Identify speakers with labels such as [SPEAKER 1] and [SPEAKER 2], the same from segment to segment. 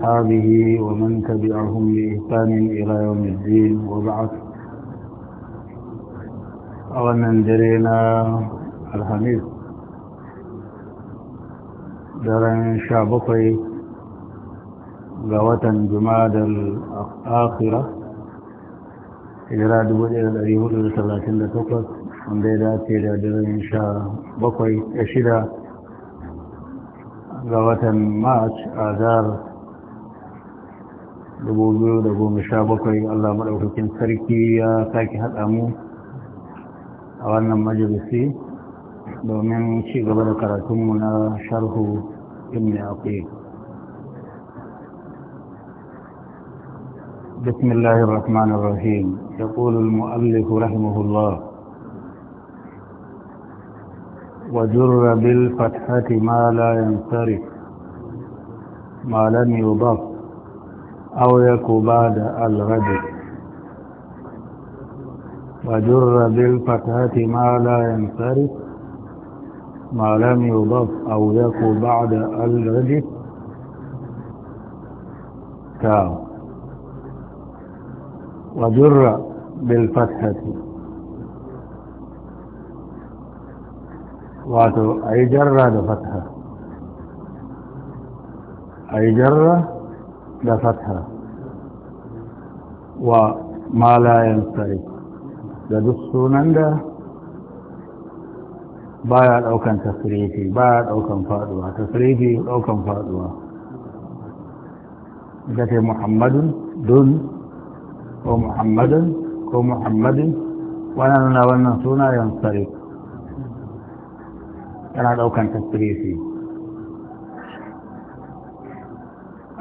[SPEAKER 1] أصحابه ومن تبعهم بإحسان إلى يوم الدين وبعث أولا درينا الحميد درن شابقي غوطا جماد الآخرة إجراد بجرد أيه صلى الله عليه وسلم عندي ذاتي لدرن شابقي أشيدا غوطا ماتش آذار dubu biyu da goma sha bakwai allah maɗaukakin sarki ya sake haɗa mu a wannan majalisi domin ci gaba da karatunmu na sharhu ibn aqiq بسم الله الرحمن الرحيم يقول المؤلف رحمه الله وجر بالفتحة ما لا ينصرف ما لم يضاف أو يكو بعد الغد وجر بالفتحة ما لا ينصرف ما لم يضف أو يكو بعد الغد كاو وجر بالفتحة واتو أي جرة فتحة أي جرة لا فتحة وما لا ينصرف لدخ سونندا بايا الأوكان تسريفي بايا الأوكان فادوا تسريفي كان فادوا جاتي محمد دون هو محمد هو محمد وانا لنا وانا سونا ينصرف انا كان تسريفي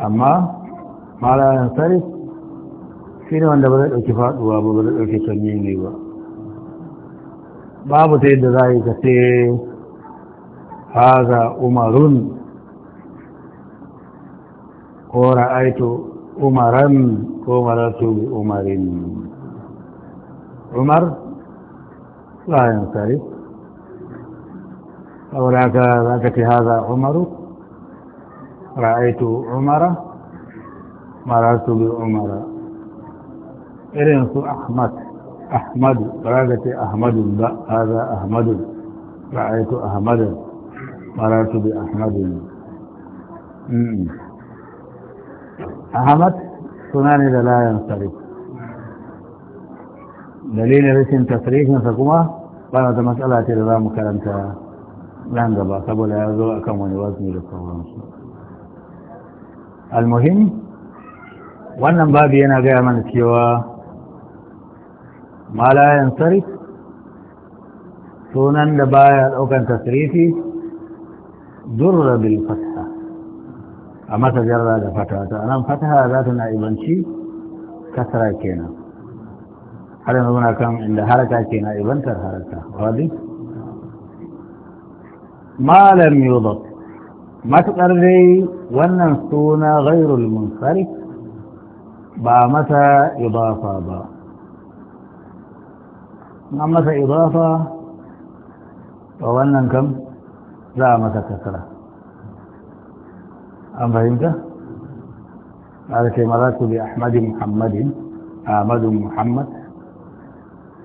[SPEAKER 1] أما malayan sarif shi ne wanda ba zai ɗauki faɗuwa ba ba zai ɗauki sanyi ba babu ta yadda za a yi ka ce haza umarun ko ra'aitu umaran ko maratu bi umarin umar layan sarif saboda ka za ka ce haza umaru ra'aitu umara marasu bi umara irin su ahmad ahmadu ba za ce ahmadu ba haza ahmadu ra'aitu ahmadu marasu bi ahmadu ne hmm. ahmad suna ne da layan sarif dalilin rashin tasirifinsa kuma ba da matsala ce da za mu karanta nan gaba saboda ya zo a kan wani wasu da sauransu al-muhim wannan babu yana gaya mana cewa malayan sarif sunan da baya daukan tasrifi durra bil fatha a masa jarra da fataha ta nan fataha za ta na'ibanci kasra kenan har yanzu muna kan inda haraka ke na'ibantar haraka wadi malam yudat matuƙar dai wannan suna ghairul munsarif با متى إضافة با نعم متى إضافة وظنن كم لا متى كثرة أم فهمت هذا كما رأت بأحمد محمد أحمد محمد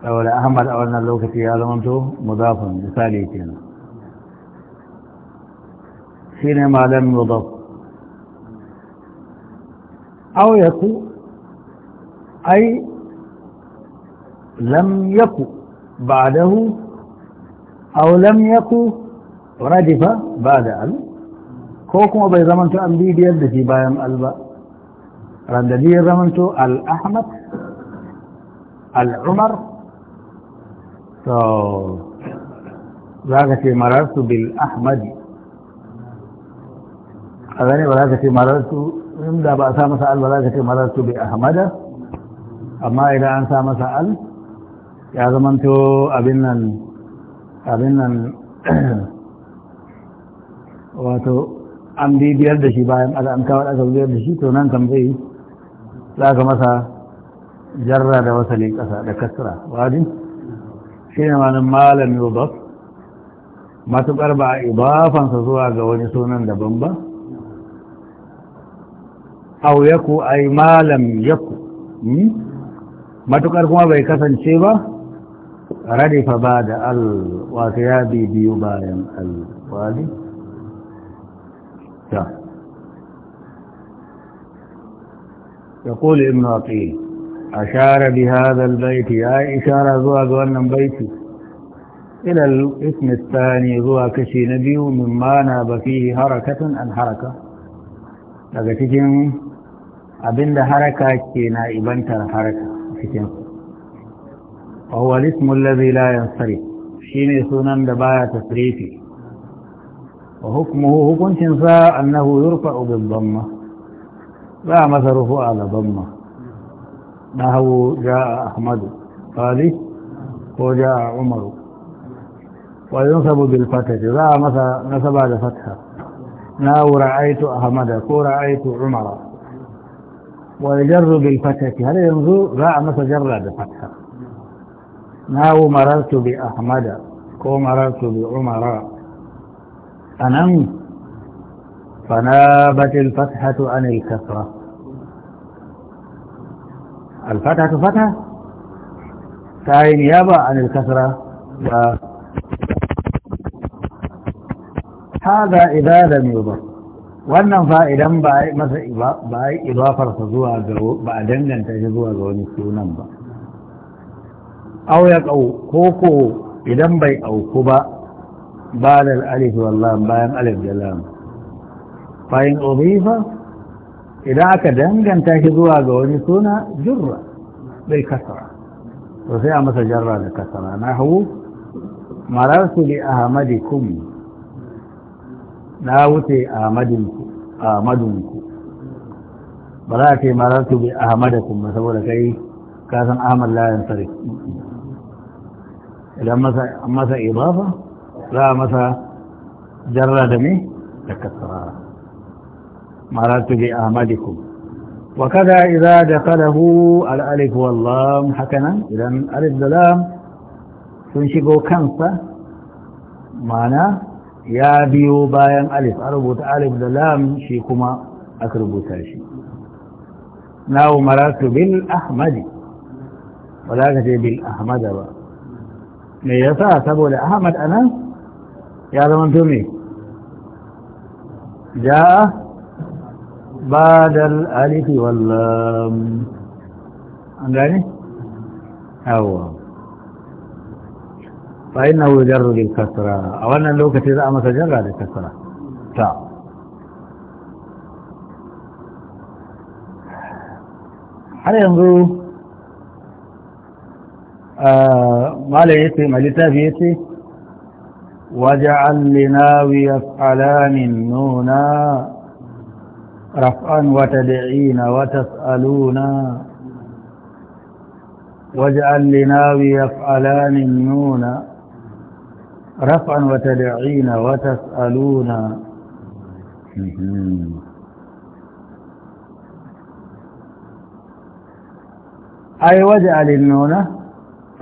[SPEAKER 1] أولا أحمد أولا لو كتير هذا منتو مضافا لثاليتين سينما لم يضف أو يقول أي لم يكو بعده أو لم يكو ردف بعد أل كوكما بي زمنتو أنبي بيد في بايم ألبا رندبي زمنتو الأحمد العمر تو ذاك في مررت بالأحمد أغاني ولا في مررت إن ذا بأسامة سأل ولا في مررت بأحمد amma idan an sa masa al ya zamanto abin nan abin nan wato an bibiyar da shi bayan an kawar aka bibiyar da shi to nan kan zai za ka masa jarra da wasalin kasa da kasra wadi shi ne manin malam yubaf matuƙar ba a ibafansa zuwa ga wani sunan daban ba au yaku ay malam yaku hmm? matukar kuma bai kasance ba radifa ba da al wato ya biyu bayan al wali ta يقول ابن عقيل أشار بهذا البيت أي إشارة زواج وأنم بيتي إلى الاسم الثاني زواج كشي نبي مما ناب فيه حركة عن حركة لقد تجن أبند حركة كي نائبا تر حركة الكتاب وهو الاسم الذي لا ينصرف حين سنن دبايا تصريفي وحكمه حكم تنسى انه يرفع بالضمه لا مثله على ضمه نهو جاء احمد قالي وجاء عمر وينصب بالفتح لا مثل نسب على فتحه نهو رايت احمد كو رايت عمر ويجر بالفتك هل ينظر راء مثل جر بفتحة ناو مررت بأحمد كو مررت بعمر أنم فنابت الفتحة عن الكسرة الفتحة فتحة تاي نيابة عن الكسرة هذا إذا لم يضر wannan fa idan ba a masa ba a idafarsa zuwa ga ba a danganta shi zuwa ga wani sunan ba Auya ya kau ko ko idan bai auku ba ba da alif wallahi bayan alif da lam bayan udifa idan aka danganta shi zuwa ga wani suna jurra bai kasara to sai a masa jarra da kasara na hawu mararsu li ahmadikum na wuce ahmadinku ahmadinku ba za a ce ma za su bi ahmadakum ba saboda kai kasan san ahmad layan sare idan masa ibafa za a masa jarra da me da kasara ma za su bi ahmadikum wa kada idza dakhalahu al alif wal lam hakanan idan alif da lam sun shigo kansa ma'ana ya biyo bayan alif a rubuta alif da lam shi kuma aka rubuta shi na umaratu bin ahmadi ba za ka ce bin ahmada ba me yasa saboda ahmad a nan ya zama tumi ja badal alifi wallam an gane? hawa فإنه يجر بالكسرة أن اللوكة إذا أما تجرى بالكسرة تا هل ينظر آه، ما ليتي ما ليتي وجعل لناوي يفعلان نونا رفعا وتدعين وتسألون واجعل لناوي يفعلان النونا رفعا وتدعين وتسألون أي واجعل النون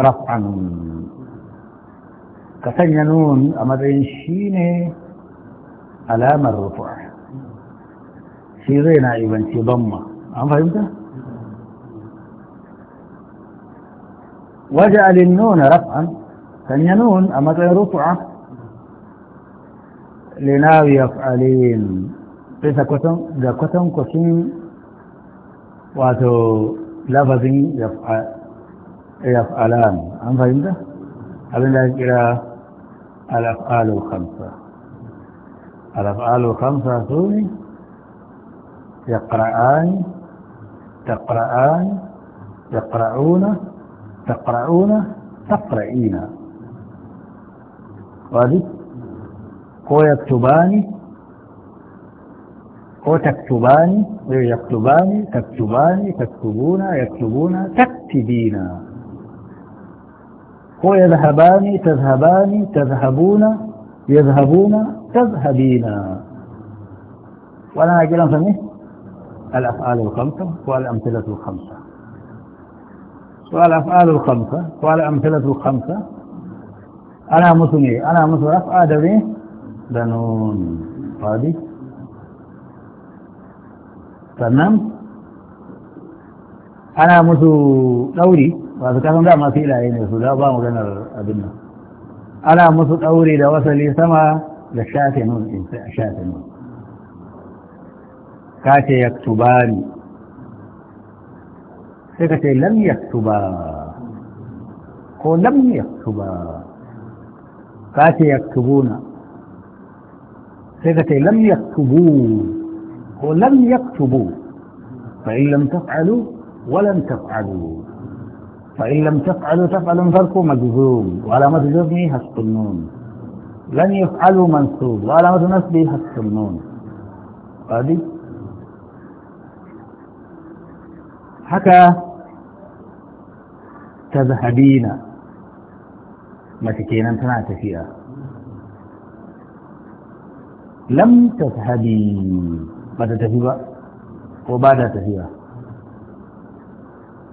[SPEAKER 1] رفعا كثن نون أما شيني من الرفع شي غير إبن شي ضمة أم فهمت؟ واجعل النون رفعا كان ينون أما رفع لناوي يفعلين بس كتن ذا كتن كتن واتو لفظين يفعل يفعلان أم فهم ذا أبن ذا إلى الأفعال الخمسة الأفعال الخمسة سوني يقرآن تقرآن يقرؤون تقرؤون تقرئين وادي كو يكتبان كو تكتباني إيه يكتباني تكتباني تكتبونا يكتبونا تكتبينا كو يذهباني تذهباني تذهبونا يذهبونا تذهبينا ولا نجي لنفهم الأفعال الخمسة والأمثلة الخمسة والأفعال الخمسة, والأمثلة الخمسة ana musu ne ana musu raf'a da ne da nun fadi sannan ana musu ɗauri ba su kasan dama masu ilaye ne su da ba maganar abin nan ana musu ɗauri da wasali sama da shafe nun in shafe nun ka ce ya tuba sai ka ce lam ya tuba ko lam ya tuba فاتي يكتبون صفتي لم يكتبوا ولم يكتبوا فإن لم تفعلوا ولم تفعلوا فإن لم تفعلوا تفعلوا انظركوا مجزوم وعلى ما مجزومي هستنون لن يفعلوا منصوب وعلى ما مجزومي هستنون هذه حكى تذهبين mace kenan tana tafiya lam tashhabi ba ta tafi ba ko ba ta tafiya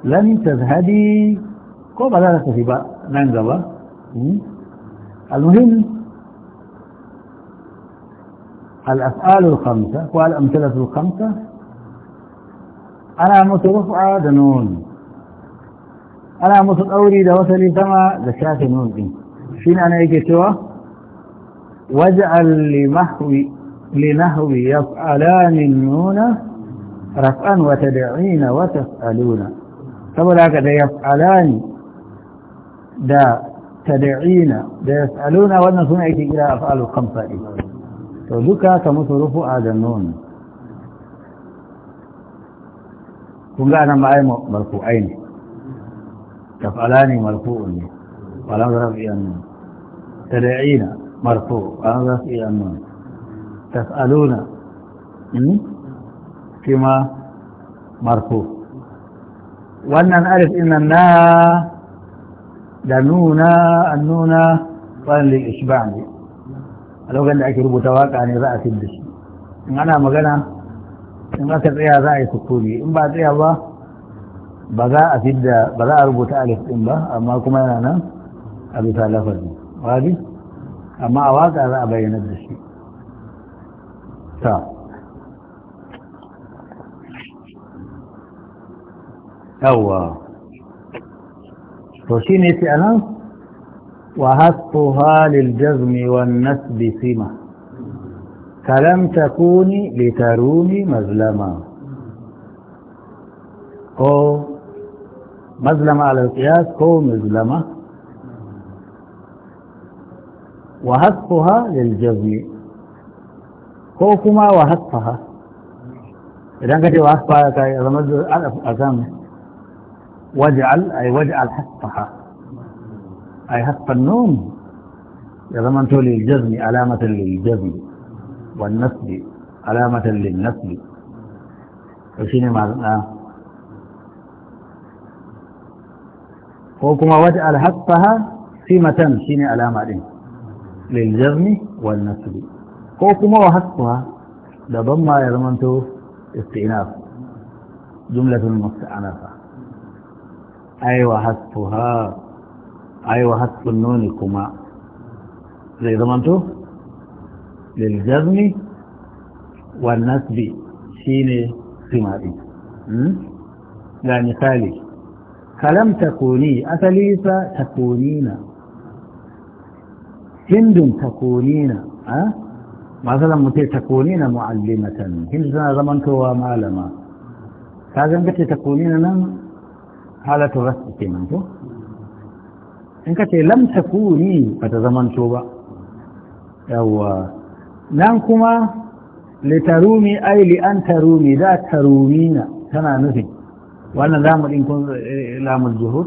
[SPEAKER 1] lam tashhabi ko ba za ta tafi ba nan gaba المهم الأفعال الخمسة والأمثلة الخمسة أنا مترفعة دنون ana musu ɗauri da wasali sama da shafi nun ɗin shi ana yake cewa waje li mahwi li nahwi yaf'alani nuna raf'an wa daina wata aluna. saboda haka da yaf'alani da tad'ina da ya yas'aluna wannan suna yake a fa'alu kan ɗin to duka ka musu a da nuna kun ga nan ma'ai aini. تفعلان مرفوع ولم رفع النون تدعين مرفوع ولم رفع النون تسألون فيما مرفوع wannan alif inna na da nuna an nuna tsarin ishba ne a lokacin da ake rubuta waka ne za a fi da shi in ana magana in aka tsaya za a yi sukuri in ba tsaya ba ba za a fidda ba za a rubuta alif din ba amma kuma yana nan a bisa lafazi wadi amma a waka za a bayyana da shi ta yawwa to shi ne ce anan wa hasfuha lil jazmi wan nasbi sima kalam takuni litaruni mazlama ko مظلمة على القياس هو مظلمة وهتفها للجزم هو كما وهتفها إذا كنت وهتفها كي رمز الأسام واجعل أي واجعل حقها أي حق النوم يضمنت للجزم علامة للجزم والنسب علامة للنسب وشيني معناه وكما وجعل حقها سمة متن شيني علامة دين للجزم والنسب وكما وحقها لضم ما يرمنته استئناف جملة المستعنافة أي وحقها أي وحق النون كما زي ضمنته للجزم والنسب شيني سمائي يعني خالي kalam takoni, asali sa takunina hindun takonina. a masu zan mutai takunina mu'allimatan hindu suna zamantowa malama ka zan kace takunina nan halatu rasu ke manto. in ka ce lam takuni ba ta zamanto ba yawwa nan kuma litarumi ai li an tarumi da tarumina tana nufin wannan zamu ɗin kun eh, lamun juhu?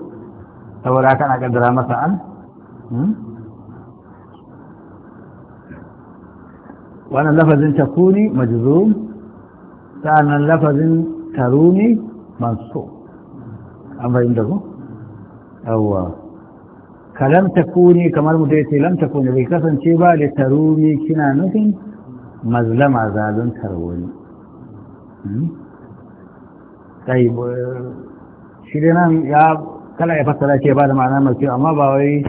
[SPEAKER 1] saboda haka na ƙaddara masa an hmm? wannan lafazin takuni majzum sa'annan lafazin taruni mansu an fahimta ku yawwa kalam takuni kamar mu dai ce lam takuni bai kasance ba da taruni kina nufin mazlama zaluntar tarwoni. Hmm? shi طيب nan ya kala ya fassara ce ba da ma'ana mai kyau amma ba wai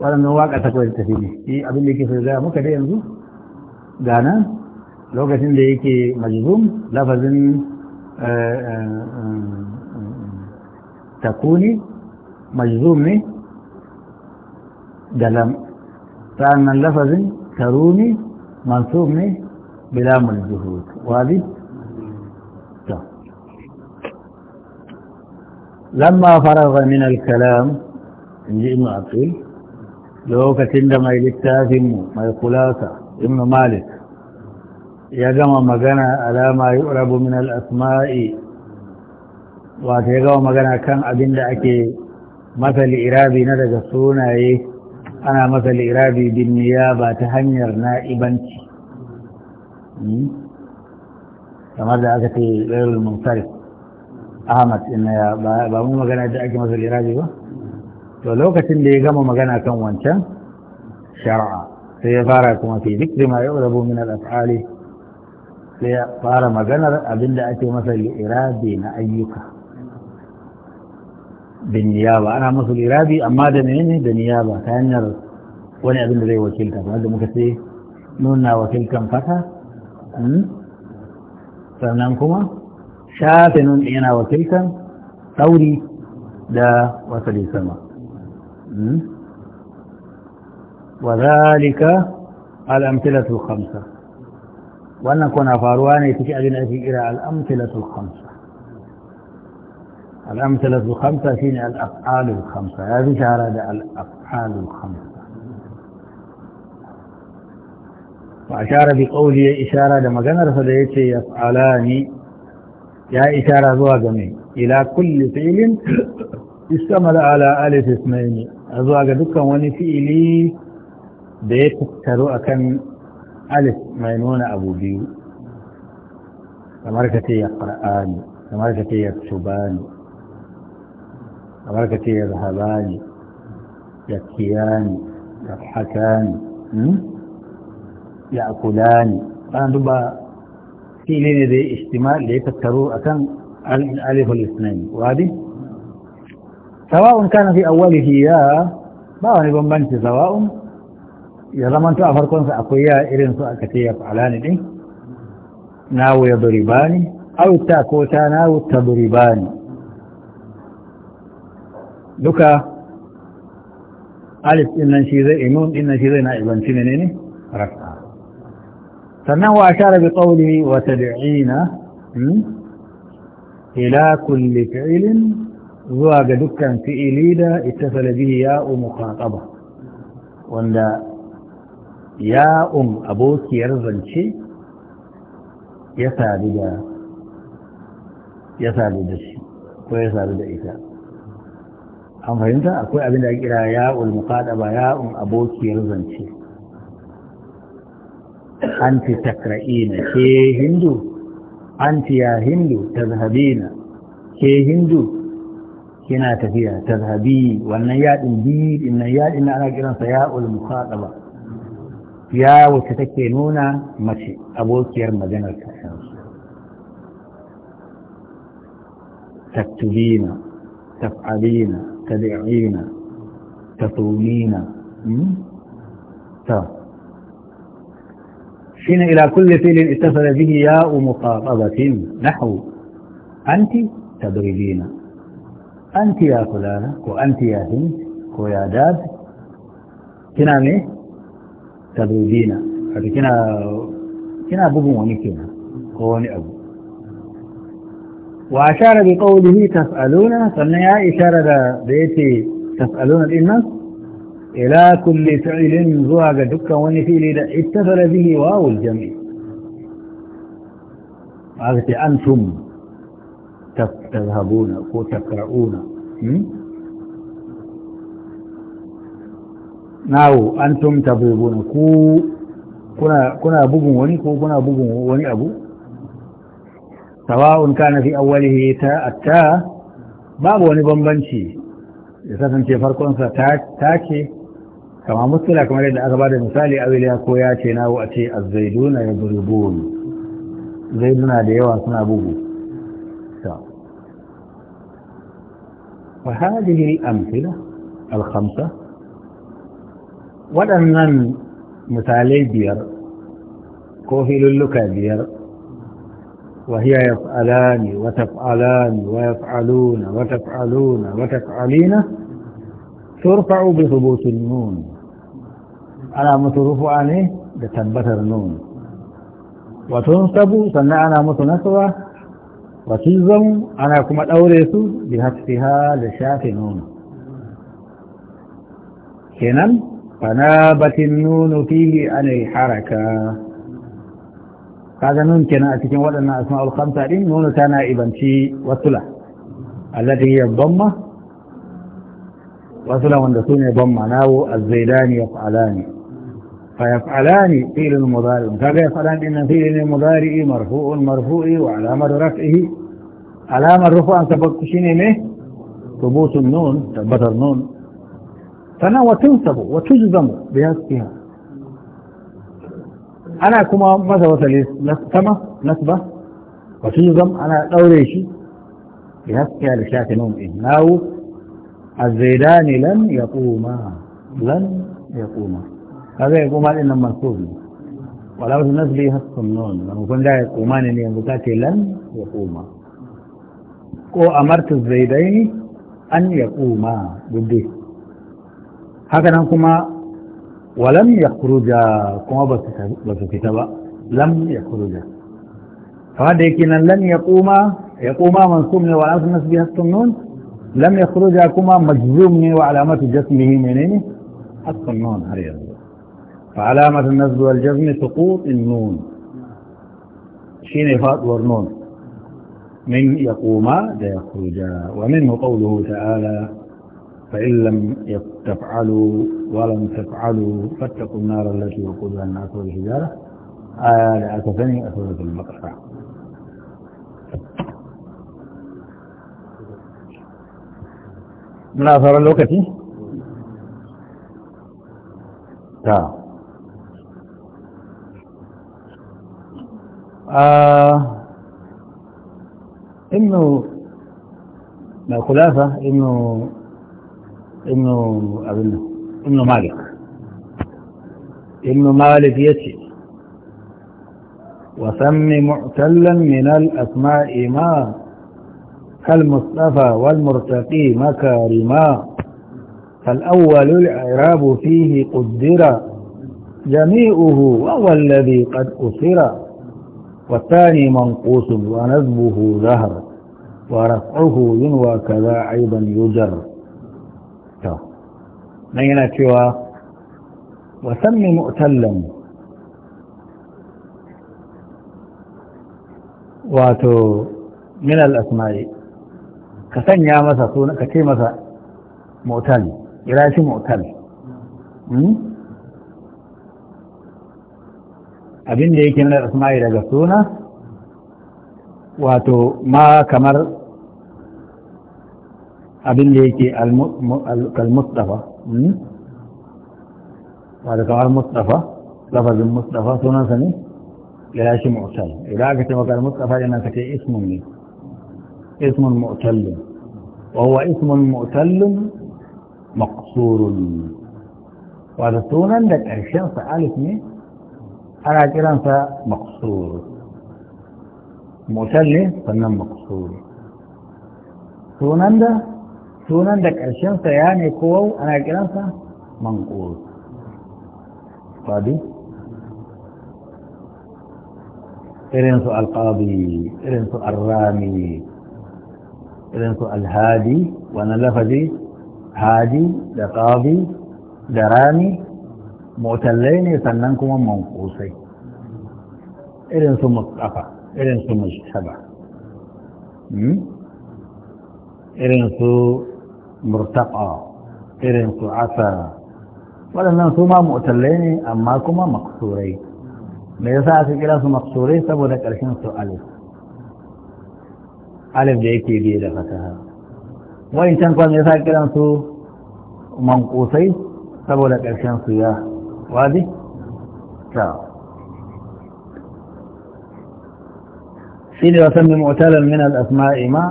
[SPEAKER 1] waɗannan waƙa ta kawai tafi ne shi abin da yake so gaya muka dai yanzu gana lokacin da yake majzum lafazin eh, eh, eh, takuni majzum ne da lam sa'annan lafazin taruni mansub ne bila mulzuhud wadi لما فرغ من الكلام إن ابن عقيل lokacin da mai littafinmu mai kulasa ibn malik ya gama magana alama rabu min al'asma'i wata ya gama magana kan abin da ake masa irabi na daga sunaye ana masa irabi bin ba ta hanyar na'ibanci kamar da aka ce ɗarar munsarif ahmad ya ba mu magana da ake masa liraji ba to lokacin da ya gama magana kan wancan shar'a sai ya fara kuma fi zikri ma yau rabu min al-af'ali sai ya fara maganar abinda ake masa lirabi na ayyuka da niyaba ana masa lirabi amma da menene da niyaba ta hanyar wani abin da zai wakilta kamar da muka ce nuna wakilkan fata hmm? sannan kuma شافن انا وكيكا ثوري دا وسلي سما وذلك الأمثلة الخمسة وأن كنا فارواني في أجل أجل إلى الأمثلة الخمسة الأمثلة الخمسة فين الأفعال الخمسة هذه شهر هذا الأفعال الخمسة وأشار بقوله إشارة لما كان رسول يتشي يفعلاني يا إشارة زواجمي إلى كل فعل يشتمل على ألف اسمين زواج دكا واني فعلي بيت ترو أكن ألف مينون أبو بيو تمركة يقرآني تمركة يكتبان تمركة يذهباني يكياني يضحكاني يأكلاني فأنا fili ne da ya ishtimal da ya tattaro a kan alifal isnani wadi sawa'un kana fi awwalihi ya ba wani bambanci sawa'un ya zamanto a farkonsa akwai ya irin su aka ce ya fa'ala ne din nawo ya duribani ne auta ko ta nawo ta ne duka alif din nan shi zai imun din nan shi zai na ibanci ne ne rafa فانه اشار بقوله وتدعين الى كل فعل zuwa ga dukkan fi'ili اتصل به bihi مخاطبه وان wanda ابوك abokiyar zance ya sadu da shi ko ya sadu da ita an fahimta akwai abin da kira ya'ul ya'un abokiyar zance أنت تقرئين كي هندو أنت يا هندو تذهبين كي هندو كنا تفيها تذهبي والنياد انبيل النياد إن أنا قرن سياء المخاطبة يا وتتكينونا مشي أبوك يا رمضان الكحيان تكتبين تفعلين تدعين تطولين حين إلى كل فعل اتصل به ياء مخاطبة نحو أنت تدريجين أنت يا فلانة وأنت يا هند ويا داد كنا مي تدريجين كنا كنا بقوا كنا كوني أبو وأشار بقوله تسألون فمن إشارة بيتي تسألون الإنس ila kulli fi'lin zuwa ga dukkan wani fili da ittasala bihi wawul jam'i aka ce antum tazhabuna ko takra'una nawo antum tabibuna ku kuna bugun wani ko kuna bugun wani abu sawa'un kana fi awwalihi ta atta babu wani bambanci ya kasance farkonsa ta ce kama muskila kamar yadda aka bada misali a wiliya ko ya ce na a ce azzaiduna ya burubun zaiduna da yawa suna bugu فهذه الأمثلة الخمسة waɗannan misalai biyar ko filulluka biyar wahiya ya fa'alani wata fa'alani wa ya fa'aluna wata fa'aluna wata fa'alina surfa'u bi subutun nuni ana musu rufu'a ne da tabbatar nun wato sabu sannan ana musu wato zan ana kuma ɗaure su bi hafiha da shafe nun kenan fana batin nunu fihi anil haraka kaga nun kenan a cikin waɗannan asma'ul khamsa din nunu tana ibanci wasula allati hiya dhamma wasula wanda sune dhamma nawo az-zaidani yaf'alani فيفعلان فيل المضارع كذا يفعلان إن فيل المضارع مرفوع مرفوع وعلامة رفعه علامة رفع سبقت شيني إيه؟ ثبوت النون ثبت النون فنا وتنسب وتجزم بنفسها أنا كما ماذا وصل نسبة نسبة وتجزم أنا دوري شيء بنفسها لشاك نوم إهناو الزيدان لن يقوما لن يقوما هذا يقول مال إنما مرفوض ولو الناس بيها السنون لما يكون ده يقومان إن ينبتاك لن يقوم كو أمرت الزيدين أن يقوم بده هكذا نقوم ولم يخرج كما بس كتابة لم يخرج فهذا يكينا لن يقوما يقوما منصوم ولو الناس بيها السنون لم يخرج كما مجزوم وعلامات جسمه منين السنون هريا فعلامة النصب والجزم سقوط النون شين فات ورنون من يقوما ليخرجا ومنه قوله تعالى فإن لم تفعلوا ولم تفعلوا فاتقوا النار التي يقودها الناس والحجارة آية لأسفني أسورة البقرة من أثر الوقت تعال آه انه الخلافة انه انه أبنه انه مالك انه مالك يتي وسم معتلا من الأسماء ما كالمصطفى والمرتقي مكارما فالأول الإعراب فيه قدر جميعه وهو الذي قد أثر والثاني منقوص ونذبه ذهر ورفعه ينوى كذا أيضا يجر نينا كوا وسم مؤتلا واتو من الأسماء كسن يا مسا كتي مسا مؤتل إلى مؤتل abin da yake nuna asma'i daga suna wato ma kamar abin da yake al-mustafa hmm? wato kamar mustafa lafazin mustafa sunansa ne ya shi mu'tal idan aka ce maka mustafa yana ka ce ismun ne ismun mu'tal wa huwa ismun mu'tal maqsurun wato sunan da ƙarshen sa alif ne عاجلا فمقصور مسلم فنن مقصور سونندا سونندا كرشن سياني كوو عاجلا فمنقول قاضي إرنس القاضي إرنس الرامي إرنس الهادي وأنا لفظي هادي لقاضي درامي motallai ne sannan kuma mankosai irin su mustafa irin su mushtaba hmm? irin su murtaba irin su asara waɗannan su ma motallai ne amma kuma maksurai me yasa aka kira su maksurai saboda ƙarshen su alif alif da yake biye da fasaha wani can kwan yasa kiran su mankusai saboda ƙarshen su ya وهذه نعم سيدي وسمي معتلا من الأسماء ما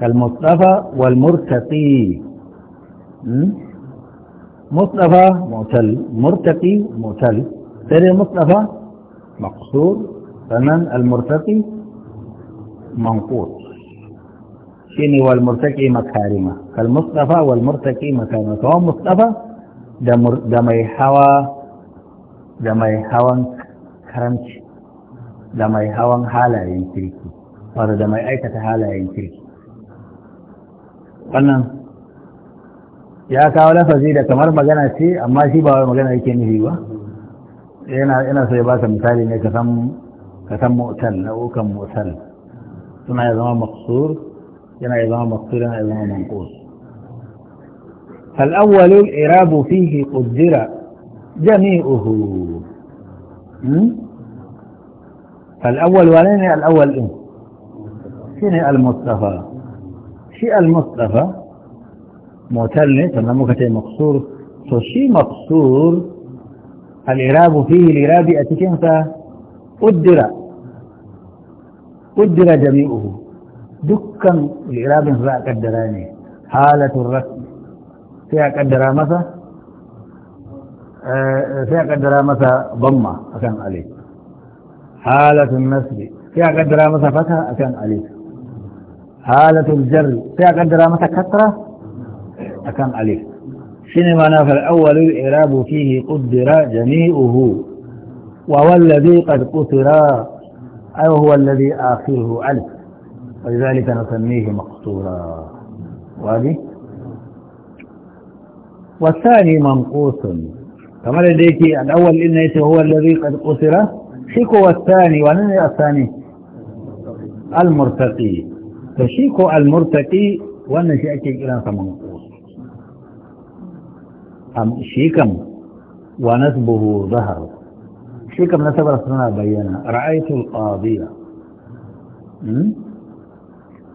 [SPEAKER 1] كالمصطفى والمرتقي مصطفى معتل مرتقي معتل سيدي مصطفى مقصور فمن المرتقي منقوط شيني والمرتقي مكارمة كالمصطفى والمرتقي مكارمة فهو مصطفى da mai hawa da mai hawan karamci da mai hawan halayen kirki wato da mai aikata halayen kirki wannan ya kawo lafazi da kamar magana ce amma shi ba wai magana yake nufi ba yana so ya baka misali ne ka san motsal na ukan motsal suna ya zama maqsur yana ya zama maqsur yana ya zama فالأول الإراب فيه قدر جميعه فالأول ولين الأول إن إيه؟ شنو المصطفى شيء المصطفى مثلث إيه؟ مكتئ مقصور فشي مقصور الإراب فيه الإراب أتكين فقدر قدر جميعه دكا الإراب قدراني حالة الرسم فيها قدرها مثلا آه، فيها قدرها مثلا ضمة أكان عليك حالة النسل فيها قدرها مثلا فتحة أكان عليك حالة الجر فيها قدرها مثلا كثرة أكان عليك سينما نافر أول الإعراب فيه قدر جميعه وهو الذي قد قصر أو هو الذي آخره ألف ولذلك نسميه مقصورا وهذه والثاني منقوص كما لديك الأول إن هو الذي قد قصر شيكو والثاني ومن الثاني المرتقي فشيكو المرتقي وأن إلى منقوص أم شيكم ونسبه ظهر شيكم نسب رسولنا بينا رأيت القاضية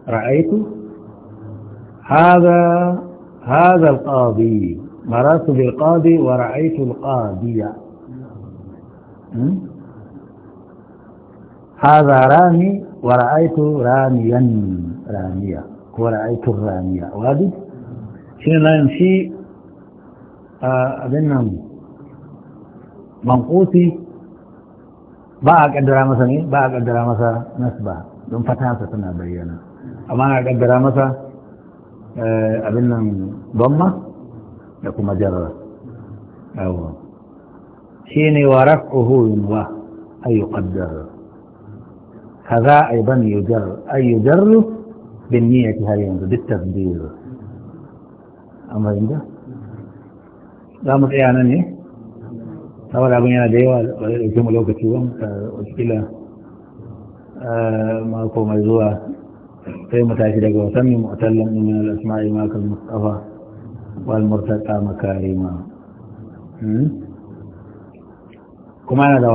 [SPEAKER 1] رأيت هذا هذا القاضي مررت بالقاضي ورأيت القاضية هذا رامي ورأيت راميا رامية ورأيت الرامية وادي شنو نمشي أبنم آه، منقوتي باق الدراما إيه؟ سني باق الدراما نسبة دون فتحان ستنا بيانا أما أقدر مثلا آه، أبنم ضمة يكون مجرة أيوة. أو حين ورفعه ينوى أي يقدر هذا أيضا يجر أي يجر بالنية هاي بالتقدير أما عنده لا مطيعنا ني أول أبو ينا ديوا وكما لو كتبهم وشكلا آه، ما أقوم أزوا فيما تأشي لك وسمي من الأسماء ماك المصطفى walmurtaka makarima hmm? kuma